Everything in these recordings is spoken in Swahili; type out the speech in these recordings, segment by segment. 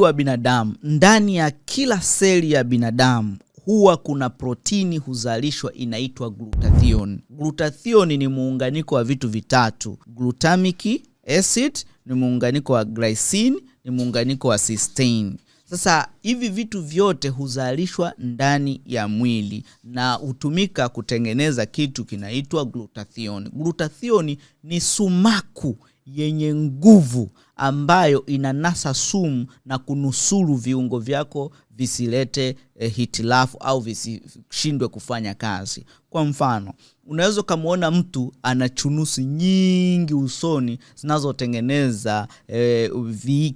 wa binadamu, ndani ya kila seli ya binadamu huwa kuna protini huzalishwa inaitwa glutathione. Glutathione ni muunganiko wa vitu vitatu: glutamic acid ni muunganiko wa glycine, ni muunganiko wa cysteine. Sasa hivi vitu vyote huzalishwa ndani ya mwili na hutumika kutengeneza kitu kinaitwa glutathione. Glutathione ni sumaku yenye nguvu ambayo inanasa sumu na kunusuru viungo vyako visilete eh, hitilafu au visishindwe kufanya kazi. Kwa mfano, unaweza ukamwona mtu ana chunusi nyingi usoni zinazotengeneza eh,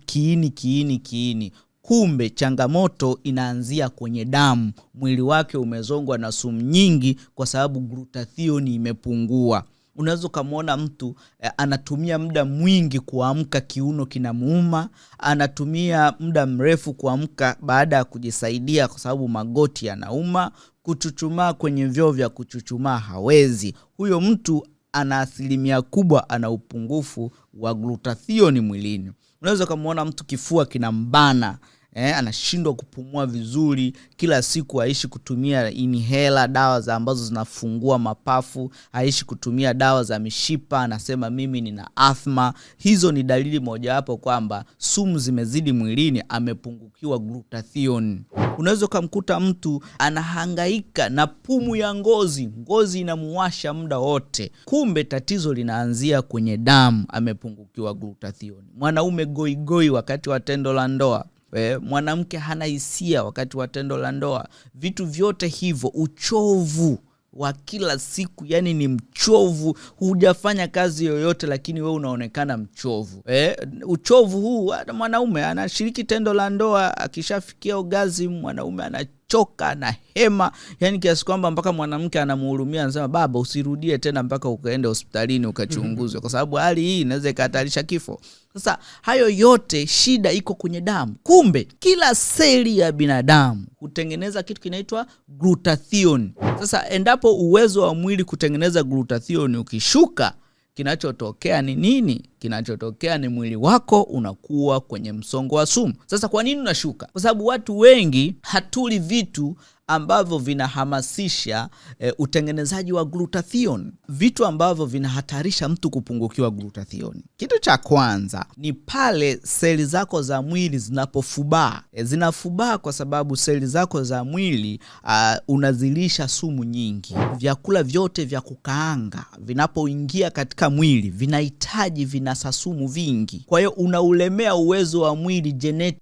kiini kiini kiini Kumbe changamoto inaanzia kwenye damu. Mwili wake umezongwa na sumu nyingi, kwa sababu glutathioni imepungua unaweza ukamwona mtu eh, anatumia muda mwingi kuamka, kiuno kinamuuma, anatumia muda mrefu kuamka baada ya kujisaidia kwa sababu magoti yanauma, kuchuchumaa kwenye vyoo vya kuchuchumaa hawezi. Huyo mtu ana asilimia kubwa ana upungufu wa glutathioni mwilini. Unaweza ukamwona mtu kifua kinambana eh, anashindwa kupumua vizuri, kila siku aishi kutumia inhela, dawa za ambazo zinafungua mapafu, aishi kutumia dawa za mishipa, anasema mimi nina athma. Hizo ni dalili mojawapo kwamba sumu zimezidi mwilini, amepungukiwa glutathione. Unaweza ukamkuta mtu anahangaika na pumu ya ngozi, ngozi inamuwasha muda wote, kumbe tatizo linaanzia kwenye damu, amepungukiwa glutathione. Mwanaume goigoi wakati wa tendo la ndoa e, mwanamke hana hisia wakati wa tendo la ndoa, vitu vyote hivyo, uchovu wa kila siku, yani ni mchovu, hujafanya kazi yoyote, lakini we unaonekana mchovu e, uchovu huu, mwanaume anashiriki tendo la ndoa, akishafikia ugazi mwanaume ana amechoka na hema, yani kiasi kwamba mpaka mwanamke anamhurumia anasema baba, usirudie tena mpaka ukaenda hospitalini ukachunguzwe, kwa sababu hali hii inaweza ikahatarisha kifo. Sasa hayo yote, shida iko kwenye damu. Kumbe kila seli ya binadamu hutengeneza kitu kinaitwa glutathion Sasa endapo uwezo wa mwili kutengeneza glutathion ukishuka, kinachotokea ni nini? Kinachotokea ni mwili wako unakuwa kwenye msongo wa sumu. Sasa kwa nini unashuka? Kwa sababu watu wengi hatuli vitu ambavyo vinahamasisha e, utengenezaji wa glutathion vitu ambavyo vinahatarisha mtu kupungukiwa glutathion Kitu cha kwanza ni pale seli zako za mwili zinapofubaa. E, zinafubaa kwa sababu seli zako za mwili a, ah, unazilisha sumu nyingi. Vyakula vyote vya kukaanga vinapoingia katika mwili vinahitaji vina vinasa vingi, kwa hiyo unaulemea uwezo wa mwili jeneti